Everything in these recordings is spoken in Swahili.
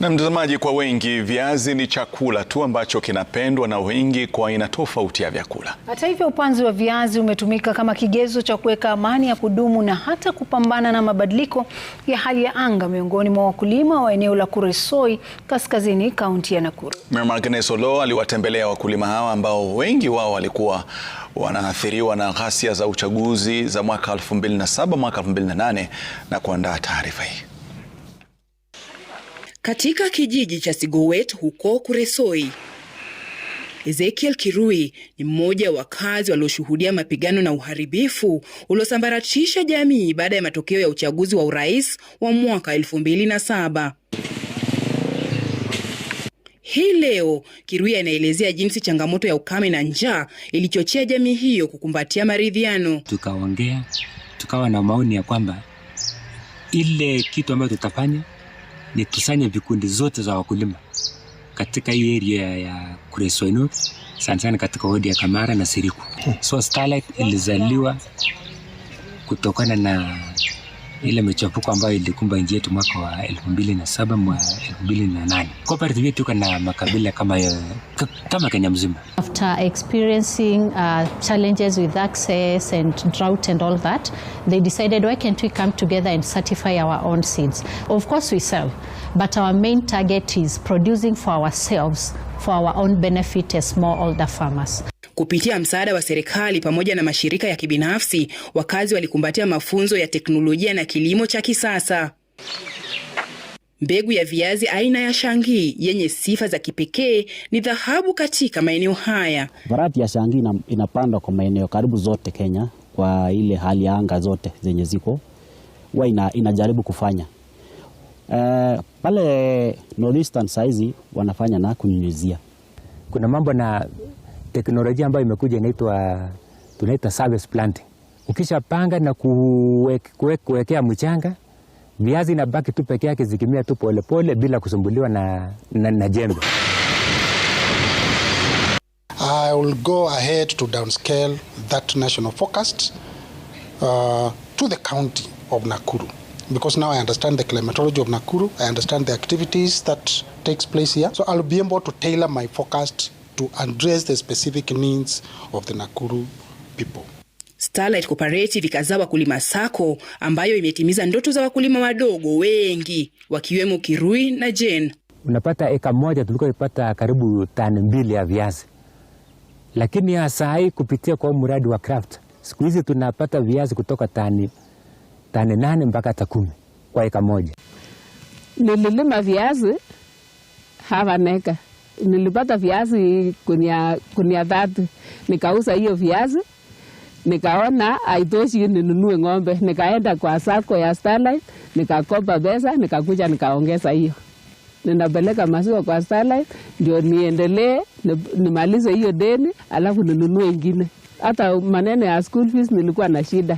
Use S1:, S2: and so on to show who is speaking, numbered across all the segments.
S1: Na mtazamaji, kwa wengi viazi ni chakula tu ambacho kinapendwa na wengi kwa aina tofauti ya vyakula.
S2: Hata hivyo, upanzi wa viazi umetumika kama kigezo cha kuweka amani ya kudumu na hata kupambana na mabadiliko ya hali ya anga miongoni mwa wakulima wa eneo la Kuresoi Kaskazini, kaunti ya Nakuru.
S1: Mayor Agnes aliwatembelea wakulima hawa ambao wengi wao walikuwa wanaathiriwa na ghasia za uchaguzi za mwaka 2007, mwaka 2008 na kuandaa taarifa hii.
S3: Katika kijiji cha Sigowet huko Kuresoi, Ezekiel Kirui ni mmoja wa wakazi walioshuhudia mapigano na uharibifu uliosambaratisha jamii baada ya matokeo ya uchaguzi wa urais wa mwaka 2007. Hii leo Kirui anaelezea jinsi changamoto ya ukame na njaa ilichochea jamii hiyo kukumbatia maridhiano.
S4: Tukaongea, tukawa na maoni ya kwamba ile kitu ambayo tutafanya nikusanye vikundi zote za wakulima katika hii area ya Kuresoi sana sana katika wodi ya Kamara na Siriku. So Starlight ilizaliwa kutokana na ile michafuko ambayo ilikumba nchi yetu mwaka wa 2007 mwa 2008. Cooperative yetu iko na makabila kama eh, kama Kenya mzima
S5: after experiencing uh, challenges with access and drought and all that, they decided, why can't we come together and certify our own seeds? Of course, we sell, but our main target is producing for ourselves for our own benefit as smallholder farmers.
S3: Kupitia msaada wa serikali pamoja na mashirika ya kibinafsi, wakazi walikumbatia mafunzo ya teknolojia na kilimo cha kisasa. Mbegu ya viazi aina ya shangii yenye sifa za kipekee ni dhahabu katika maeneo haya.
S6: Varati ya shangii inapandwa kwa maeneo karibu zote Kenya, kwa ile hali ya anga zote zenye ziko huwa ina, inajaribu kufanya uh, pale Northeastern saizi wanafanya na kunyunyizia.
S7: Kuna mambo na teknolojia ambayo imekuja inaitwa tunaita service planting, ukisha panga na kuwekea kuwek, mchanga viazi inabaki tu peke yake zikimia tu polepole bila kusumbuliwa na, na, na jembe.
S8: I will go ahead to downscale that national forecast uh, to the county of Nakuru because now I understand the climatology of Nakuru, I understand the activities that takes place here. So I'll be able to tailor my forecast to address the specific needs of the Nakuru people.
S3: Starlight Cooperative ikazaa Wakulima Sacco ambayo imetimiza ndoto za wakulima wadogo wengi wakiwemo Kirui na Jen.
S7: Unapata eka moja tulikuwa ipata karibu tani mbili ya viazi, lakini hasa hii kupitia kwa mradi wa craft siku hizi tunapata viazi kutoka tani, tani nane mpaka hata kumi kwa eka moja.
S9: Nililima viazi hapa Neka, nilipata viazi kunia, kunia tatu nikauza hiyo viazi nikaona haitoshi ninunue ng'ombe, nikaenda kwa sako ya Starlight nikakopa pesa, nikakuja nikaongeza hiyo ninapeleka maziwa kwa Starlight ndio niendelee nimalize hiyo deni, alafu ninunue ingine. Hata maneno ya school fees nilikuwa na shida,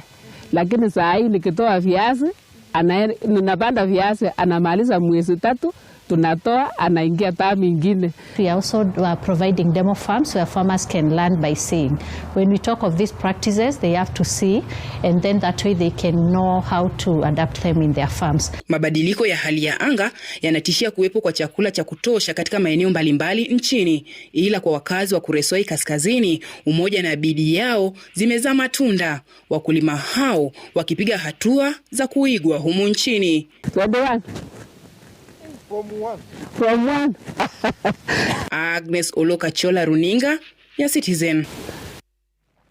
S9: lakini saa hii nikitoa viazi, ninapanda viazi, anamaliza mwezi tatu tunatoa anaingia taa mingine.
S5: We are also are providing demo farms where farmers can learn by seeing. When we talk of these practices, they have to see and then that way they can know how to adapt them in their farms.
S3: Mabadiliko ya hali ya anga yanatishia kuwepo kwa chakula cha kutosha katika maeneo mbalimbali nchini, ila kwa wakazi wa Kuresoi Kaskazini, umoja na bidii yao zimezaa matunda, wakulima hao wakipiga hatua za kuigwa humu nchini.
S10: From one. From one.
S3: Agnes Olokachola, Runinga ya Citizen.